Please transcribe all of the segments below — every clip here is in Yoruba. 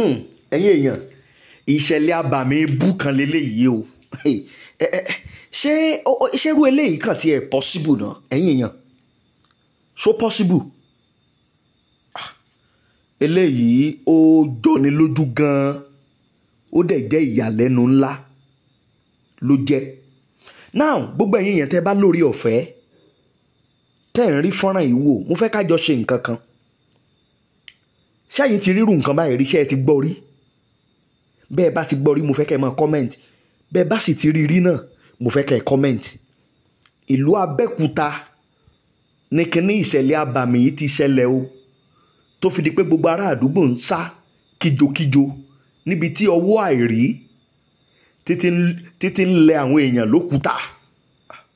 Hmm, ẹ̀yin èèyàn ìṣẹ̀lẹ̀ abàmì bú kan lélẹ́yìí o ṣé ṣérú eléyìí kàn tiẹ̀ possible náà ẹ̀yin èèyàn so possible ah, eléyìí ó jọni lójú gan-an ó dẹ̀ jẹ́ ìyàlẹ́nu ńlá ló jẹ́ now gbogbo ẹ̀yin èèyàn tẹ́ bá lórí ọ̀fẹ́ tẹ́ ń rí fọ́nrán yìí wò mo fẹ́ ká jọ ṣe nǹkan kan ṣáàyìn ti rírun nǹkan báyìí rí ṣé ẹ ti gbọ́ rí bẹ́ẹ̀ bá ti gbọ́ rí mo fẹ́ kẹ́ ẹ máa comment bẹ́ẹ̀ bá sì ti rí rí náà mo fẹ́ kẹ́ ẹ comment ìlú Abẹ́òkúta ní kinní ìṣẹ̀lẹ̀ abàmì yìí ti ṣẹlẹ̀ o tó fi di pé gbogbo ará àdúgbò ń sá kíjokíjo níbi tí ọwọ́ àìrí títí ń lẹ àwọn èèyàn lókúta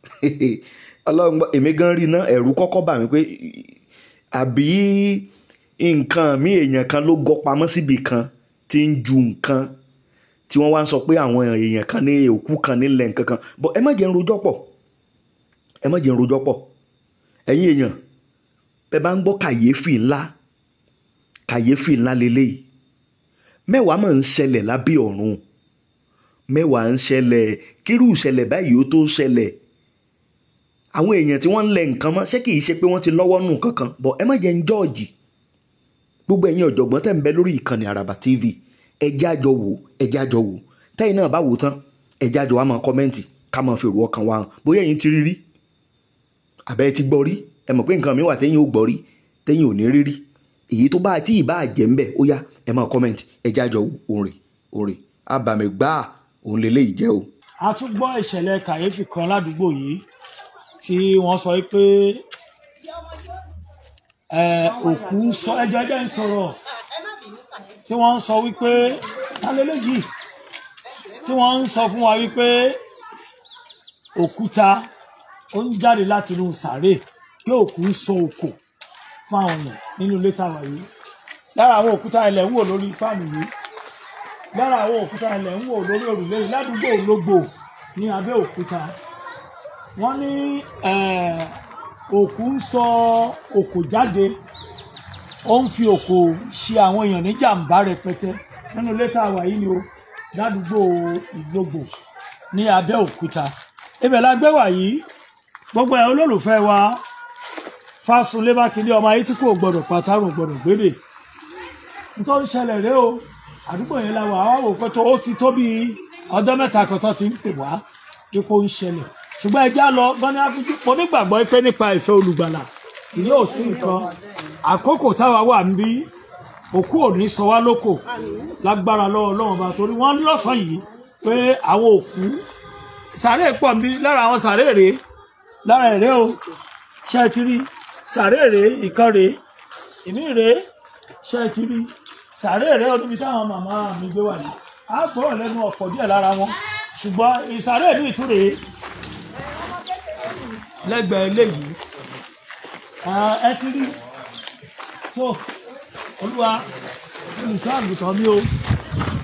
ọlọ́run èmi gan rí náà ẹ̀rù kọ́kọ́ bà mí pé àbí nǹkan mi èèyàn kan ló gọ́ pamọ́ síbi kan tí ń ju nǹkan tí wọ́n wá ń sọ pé àwọn èèyàn kan ní òkú kan nílẹ̀ nǹkan kan bọ́ ẹ má jẹ́ ń rojọ́ pọ̀ ẹ má jẹ́ ń rojọ́ pọ̀ ẹ̀yin èèyàn ẹ bá ń gbọ́ kàyéfì ńlá kàyéfì ńlá leléyìí mẹ́wàá máa ń ṣẹlẹ̀ lábẹ́ ọ̀run mẹ́wàá ń ṣẹlẹ̀ kírú ìṣẹ̀lẹ̀ báyìí ó tó ṣẹlẹ̀ àwọn èèyàn tí wọ́n ń lẹ̀ nǹkan mọ́ ṣé kìí ṣe pé wọ́n ti lọ́wọ́ nù kankan bọ̀ ẹ má jẹ́ ń jọ́ọ̀jì gbogbo ẹ̀yin ọ̀jọ̀gbọ́n tẹ̀ ń bẹ lórí ìkànnì Àràbà TV ẹjẹ́ àjọ wò ẹjẹ́ àjọ wò tẹ́yìn náà bá wò tán ẹjẹ́ àjọ wa máa kọ́mẹ́ǹtì ká máa fi èrò ọkàn wa hàn bóyá ẹ̀yin ti rí rí àbẹ́ ti gbọ́ rí ẹ mọ̀ pé nǹkan mi wà tẹ́yìn ò gbọ́ rí tẹ́yìn ò ní rí rí èyí tó bá tí ì bá jẹ́ ńbẹ̀ ó yá ẹ máa kọ́mẹ́ǹtì ẹjẹ́ àjọ wò òrè òrè abàmìgbà òun lélẹ́yìí jẹ́ o. a tún gbọ́ ìṣẹ̀lẹ̀ kàyéfì kan ládùúgbò yìí tí wọ́n sọ pé òkú ń sọ ẹjọ́ ẹjọ́ ń sọ̀rọ̀ tí wọ́n ń sọ wípé alẹ́lẹ́yìí tí wọ́n ń sọ fún wa wípé òkúta ó ń jáde láti inú sàárè pé òkú ń sọ òkò fún àwọn èèyàn nínú ilé táwa yìí lára àwọn òkúta ilẹ̀ ń wò lórí fáànù yìí lára àwọn òkúta ilẹ̀ ń wò lórí òrùlé yìí ládùúgbò ológbò ní Abẹ́òkúta wọ́n ní ẹ̀ẹ́ òkú ń sọ òkò jáde ó ń fi òkò ṣe àwọn èèyàn ní jàǹbá rẹpẹtẹ nínú létà àwà yìí ni o ládùúgbò ìgbògbò ní abẹ́òkúta ibẹ̀ la gbé wà yìí gbogbo ẹ̀ olólùfẹ́ wa fásunlé mákindé ọmọ ayé tí kò gbọdọ̀ pàtàrùn gbọdọ̀ gbélé nítorí ń ṣẹlẹ̀ rẹ o àdúgbò yẹn la wà á wò pé tó ti tó bíi ọdún mẹ́ta kan ti ń pè wá ipò ń ṣẹlẹ̀ ṣùgbọ́n ẹjẹ́ á lọ gbọ́n ní áfíjú mo nígbàgbọ́ pé nípa ìfẹ́ olùgbàlà yóò sí nǹkan àkókò táwa wà ń bí òkú ò ní sọ wá lóko lágbára lọ́wọ́ ọlọ́run bá torí wọ́n lọ́sàn-án yìí pé àwọn òkú sàárè pọ̀ ń bí lára àwọn sàárè rèé lára ẹ̀rẹ́ o ṣe ti rí sàárè rèé ìkan rèé ìmí rèé ṣe ti rí sàárè rèé ọdún bíi táwọn màmá mi gbé wà ní. a gbọ́ lẹ́nu ọ̀pọ̀ díẹ̀ lára wọn ṣùgbọ́n ìsàárè mi tún lẹ́gbẹ̀ẹ́ eléyìí ẹ ti rí tó olúwa olùṣọ́ àgùntàn mi o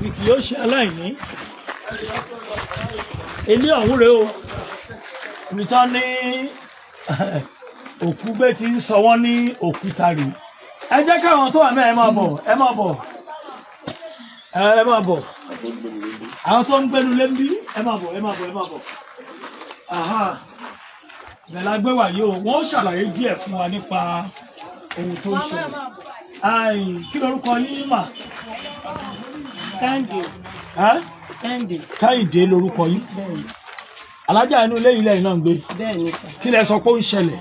mi kì yóò ṣe aláìní ilé ọ̀hún rèé o ibi tán ní òkú gbé ti ń sọ wọ́n ní òkúta rè ẹ jẹ́ káwọn tó wà náà ẹ máa bọ̀ ẹ máa bọ̀ ẹ máa bọ̀ àwọn tó ń gbẹnu lé ń bí ẹ máa bọ̀ ẹ máa bọ̀ ẹ máa bọ̀ bẹ́ẹ̀ la gbé wà yìí o wọ́n ṣàlàyé díẹ̀ fún wa nípa ohun tó ń ṣẹlẹ̀ kí lorúkọ yín mà. kẹ́hìndé. kẹ́hìndé. kẹ́hìndé lorúkọ yín. alájà inú ilé ilẹ̀ yìí náà ń gbé. bẹ́ẹ̀ni sọ. kí lẹ sọ pé ó ń ṣẹlẹ̀.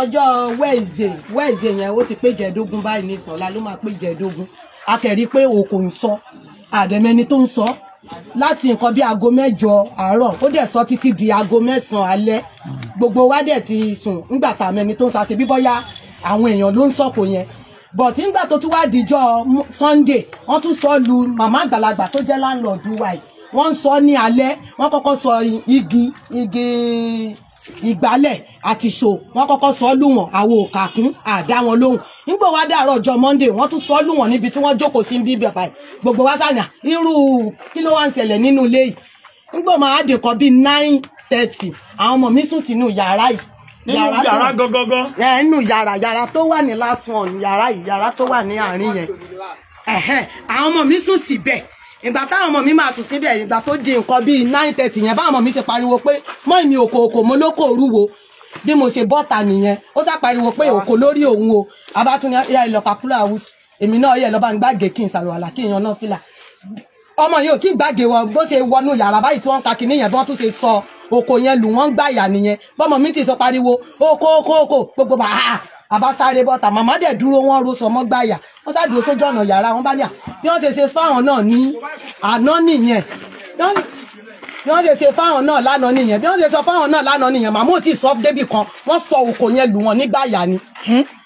ọjọ́ wẹ́ẹ̀zẹ̀ wẹ́ẹ̀zẹ̀ yẹn ó ti pé jẹ̀ẹ́dógún báyìí ní sọ̀la ló máa pé jẹ̀ẹ́dógún akẹ́rí pé òkò ń sọ àdẹ̀mẹ́ni tó ń sọ láti nǹkan bí aago mẹ́jọ àárọ̀ ó dẹ̀ sọ títí di aago mẹ́sàn-án alẹ́ gbogbo wa dẹ̀ ti sùn ńgbà tá mẹ́ni tó ń sọ àti bíbọ́yá àwọn èèyàn ló ń sọ̀kò yẹn bọ̀tí ńgbà tó tún wá dijọ́ Sunday wọ́n tún sọ lu màmá àgbàlagbà tó jẹ́ láńlọ́ọ̀dù wa yìí wọ́n ń sọ ní alẹ́ wọ́n kọ́kọ́ sọ igi igi ìgbálẹ̀ àti ṣò wọ́n kọ́kọ́ sọ lù wọ́n àwo òkàkún àdá wọn lóhùn nígbà wá dàárọ̀ ọjọ́ monday wọ́n tún sọ lù wọ́n níbi tí wọ́n jókòó sí bí bàbá yìí gbogbo wa sànà irú kí ló wá ń ṣẹlẹ̀ nínú ilé yìí nígbà máa dè kọ́ bíi nine thirty àwọn ọmọ mi sùn sínú yàrá yìí nínú yàrá gangan. ẹ nínú yàrá yàrá tó wà ní last one yàrá yìí yàrá tó wà ní àárín yẹn àwọn ọmọ mi sùn síbẹ̀ ìgbà táwọn ọmọ mi máa sùn síbẹ̀ ìgbà tó di nǹkan bíi nine thirty yẹn báwọn ọmọ mi ṣe pariwo pé mọ́ ìmì òkò mo lóko òrùwo bí mo ṣe bọ́ta nìyẹn ó sá pariwo pé òkò lórí òun o abátún ya ìlọ́pàá kúlọ̀ àwùsù èmi náà yẹ lọ́ba ń gbàgé kí n ṣàlùwàlà kí n yan náà fìlà ọmọ yìí ò tí gbàgé wọn bó ṣe wọnú yàrá báyìí tí wọ́n ń ka kinní yẹn bí wọ́n tún ṣe sọ oko yẹn lù wọ́n gbàyà nìyẹn bọ́mọ mi ti sọ pariwo oko oko oko gbogbo bàá ah, bàbá sáré bọ́ta màmá dẹ̀ dúró wọ́n ro sọmọ́ gbáyà wọ́n sá dúró sójú ọ̀nà yàrá wọn bá ní à bí wọ́n ṣe ṣe fáwọn náà ní àná nìyẹn bí wọ́n ṣe ṣe fáwọn náà lánàá nìyẹn bí wọ́n ṣe sọ fáwọn náà lánàá nìyẹn màmá ò tí ì sọ débì kan wọ́n sọ òkò yẹn lù wọ́n nígbà yà ni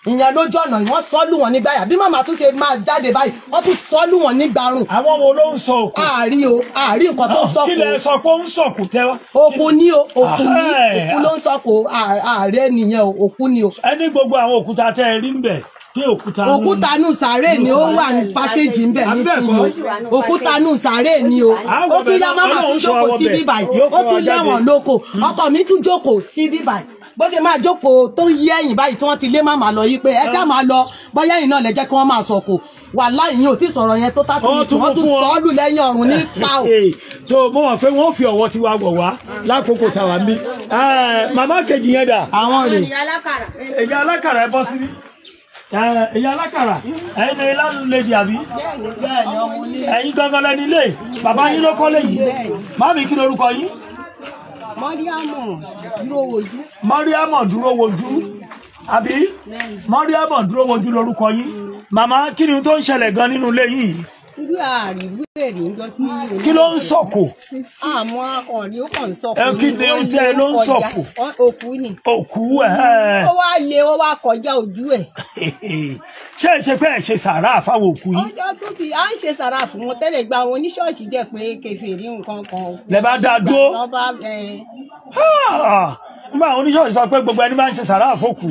ìyẹn lójú ọ̀nà wọ́n sọ lù wọ́n nígbà yà bí màmá tún ṣe máa jáde báyìí wọ́n tún sọ lù wọ́n nígbà rùn. àwọn wo ló ń sọ òkú. àárí o àárí nǹkan tó ń sọkò. kí lẹ sọ pé ó ń sọkò tẹ wá. òkú ni o òkú ni òkú ló ń sọkò ààrẹ nìyẹn o òkú ni o. ẹni gbogbo àwọn òkúta tẹ ẹ rí ń bẹ̀ òkúta nù sàárè ni ó wà ní pàṣẹjì ń bẹ nísìnyí òkúta nù sàárè ni o ó tún yá mama tún jókòó sí bíbà yìí ó tún yá wọn lóko hmm. ọkọ mi tún jókòó sí bíbà yìí bó ṣe máa jókòó tó yí ẹ̀yìn báyìí tí wọ́n ti lé màmá lọ yìí pé ẹ ṣáà ah. máa lọ bóyá ẹ̀yìn náà lè jẹ́ kí wọ́n máa sọ̀kò wàláhì yín ò tí sọ̀rọ̀ yẹn tó tátù nìtú wọ́n tún sọ ọ́ lù lẹ́yìn ọ̀run ní pa o. tó mo mọ̀ pé wọ́n fi ọ̀wọ́ tiwa wọ̀ wá lákòókò tàwa mi eh, màmá kejì yẹn dà. àwọn rè é ìyá alákàrà ẹ bọ́ síbí ìyá alákàrà ẹ̀yin ni lálùlẹ̀dì àbí ẹ̀yin gangan lẹni ilé bàbá yín ló kọ́lé yìí mami kí lorúkọ yín. mọ́ríàmọ̀ dúró wojú. mọ́ríàmọ̀ dúró wojú àbí mọ́ríàmọ̀ dúró wojú lorúkọ yín màmá kí ni tó ń ṣẹlẹ̀ gan nínú ilé yìí irú àríwú èrè ń jọ tí. kí ló ń sọ̀kò. àmọ́ ọ̀rẹ́ ó kàn ń sọ̀kò. ẹ kí ni ó jẹ́ ló ń sọ̀kò. òkú ni. òkú ẹ̀. ó wá lé ó wá kọjá ojú ẹ̀. ṣé ẹ ṣe pé ẹ ṣe sàrà fáwọn òkú yìí. ọjọ́ tó fi à ń ṣe sàrà fún wọn tẹ́lẹ̀ gba àwọn oníṣọ́ọ̀ṣì jẹ́ pé kẹfìrí nǹkan kan. lẹ bá dá dúró. lọ bá ẹ nígbà àwọn oníṣòwò sọ pé gbogbo ẹni máa ń ṣe sàrà àfọkù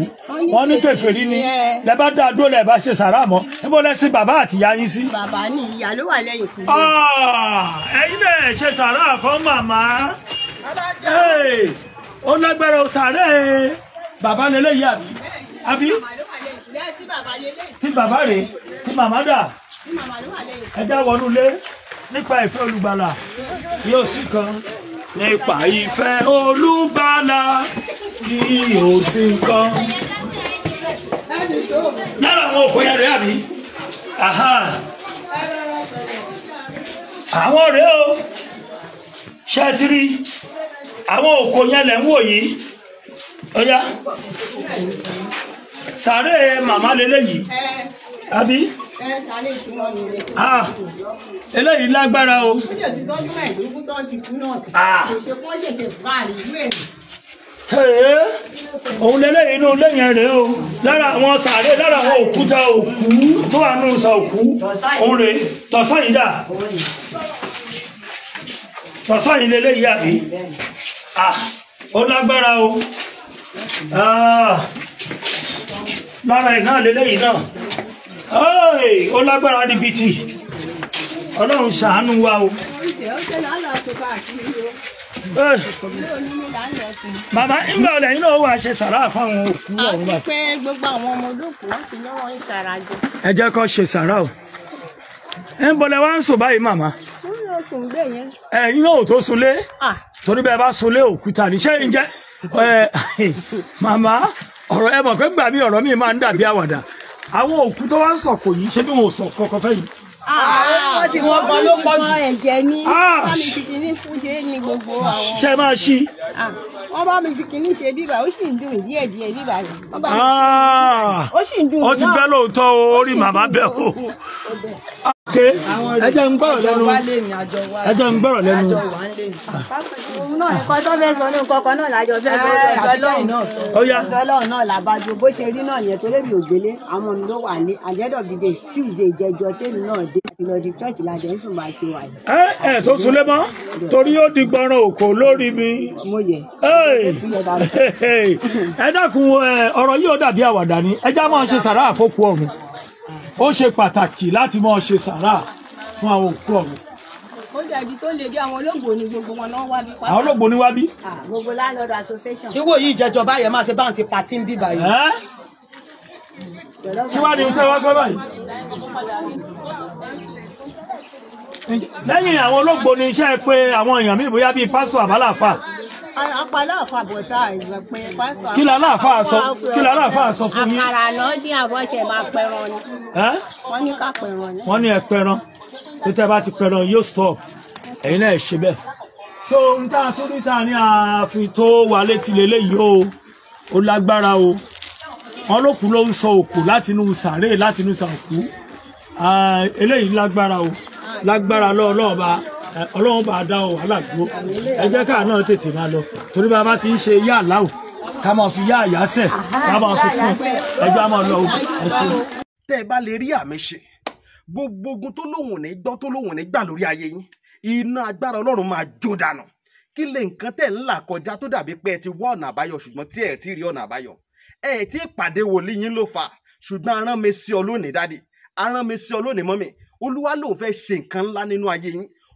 wọn ní kèfèrí ni lẹ bá dá dúró lẹ bá ṣe sàrà mọ níbo lẹ sin bàbá àti ìyá yín sí. bàbá ni ìyá ló wà lẹ́yìn kú. Ah, ẹ̀yin lè ṣe sàrà fún màmá ó lágbára sàrẹ́ e. bàbá lélẹ́yìí àbí àbí tí bàbá rèé tí màmá dà ẹ já wọnú lé nípa ìfẹ́ olùgbàlà yóò sì kan. nípa ìfẹ́ olùgbàlà kí o sì lára àwọn òkú yẹn àbí àwọn rẹ̀ o ṣẹ́tírí àwọn òkú yẹn lẹ̀ ń wò yìí ọ̀yá sàárè àbí eléyìí lágbára o. ó jẹ́ ti tọ́jú mẹ́ẹ̀ẹ́dógún tó ti kú náà kò ṣe kó ṣẹ̀ṣẹ̀ fà á nínú ẹ̀ òun lẹ́lẹ́ inú lẹ́yìn rẹ̀ o lára àwọn sàárè lára àwọn òkúta òkú tó wà nù sa òkú òun rẹ̀ tọ̀sá dà tọ̀sá yìí lẹ́lẹ́ yìí ó lágbára o lára ẹ̀ náà lẹ́lẹ́ náà ó lágbára níbi tí ọlọ́run ṣàánú wa o. Eh. Màmá nígbà ọ̀dà yìí náà wà ṣe sàrà fáwọn gbogbo ti o. Ẹ ń bọ̀lẹ̀ wá ń sùn báyìí màmá. Ẹ̀yin eh, náà ò tó sunlé. Ah. Torí bẹ́ẹ̀ bá sunlé òkúta ní eh, mi àwọn òkú tó wá ń sọ̀kò yìí ṣé bí wọn ò sọ kankan fẹ́ yìí. àwọn ah, tí ah, ah, wọ́n gan ló pọ̀ jù. ní fámìlì kìíní fúnjẹ́ ní gbogbo àwọn. ṣe máa ṣí. Ah, wọ́n bá mi fi kinní ṣe bíbà ó sì ń dùn díẹ̀ bíbà yìí. Ah, ó sì ń dùn ó ti bẹ́ lóòótọ́ orí màmá bẹ́ o. ẹ ń gbọ́rọ̀ lẹ́nu ẹ ń gbọ́rọ̀ lẹ́nu. òun náà nǹkan tó fẹ́ sọ ní nǹkan kan náà lájọ fẹ́ sọ ọlọ́run eh, náà làbájọ bó ṣe rí náà yẹn tó lébi ògbélé àwọn mi ló wà ní àjẹ́dọ̀ gidi tuesday ìjẹjọ tẹ́lu náà dé ìlọdí church làjẹ́ ń sùn bá ti wà. ẹ eh, ẹ eh, tó sunlé mọ́ torí ó di gbọ́nràn òkò lórí mi. mo yẹ. ẹ dákun ọ̀rọ̀ yìí ó dàbí àwàdà ni ẹ já máa ṣe sàrà àfọkù ọ̀run ó ṣe pàtàkì láti máa ṣe sàrà fún àwọn òkú ọ̀run. ó dàbí tó lè dé àwọn olóògbò ni gbogbo wọn náà wá bí. àwọn olóògbò ni wá bí. gbogbo landlord association. ìwọ yìí ìjẹjọba yẹn máa ṣe bá ń ṣe pàtí ń bí báyìí. kí wàá ní ìfẹ́ wá fẹ́ báyìí lẹ́yìn àwọn olóògbò ni iṣẹ́ pé àwọn èèyàn míì bóyá bíi pásítọ̀ àbálàfà apaláàfà bọ̀tà ìgbà pé pásítọ̀. kí làláàfà sọ kí làláàfà sọ fún yín. àkàrà náà ní àwọn ṣe máa pẹran ni. wọ́n ní ká pẹran ni. wọ́n ní ẹ pẹran tó tẹ́ bá ti pẹran yóò stop ẹ̀yin náà ẹ̀ ṣe bẹ́ẹ̀. so n ta tó ní ta ni àfi tó wà létí lélẹ́yìí o ó lágbára o wọn ló kú ló ń sọ òkú látinú sàárè látinú sàkú eléyìí lágbára o lágbára lọ́ọ́ lọ́ọ́ bá ọlọ́run bá dá o wàhálà dúró ẹ jẹ́ káà náà tètè máa lọ torí bá a bá ti ń ṣe yá àláwò ká máa fi yá àyásẹ̀ ká máa fi kún ẹgbẹ́ á máa lọ ẹ ṣe. tẹ́ ẹ bá lè rí àmì ṣe gbogbo ogun tó lóhùn ní gbọ́ tó lóhùn ní gbà lórí ayé yín iná agbára ọlọ́run máa jó dànù kí lè nǹkan tẹ̀ ń là kọjá tó dàbí pé ẹ ti wá ọ̀nà àbáyọ ṣùgbọ́n tí ẹ ti rí ọ̀nà àbáyọ ẹ ti pàdé wòlíì yín ló fà ṣùgbọ́n arán sí ọ lónìí dáàdì arán sí ọ lónìí mọ́mì olúwa lòun fẹ́ ṣe nǹkan ńlá nínú ayé yín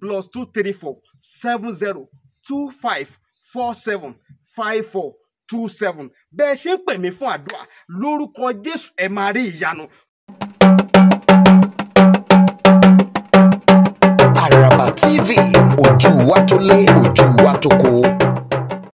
plus two three four seven zero two five four seven five four two seven bẹ́ẹ̀ ṣe ń pè mí fún àdúrà lórúkọ Jésù ẹ̀ máa rí ìyanu. Àràbà TV ojú wa tó lé ojú wa tó kó.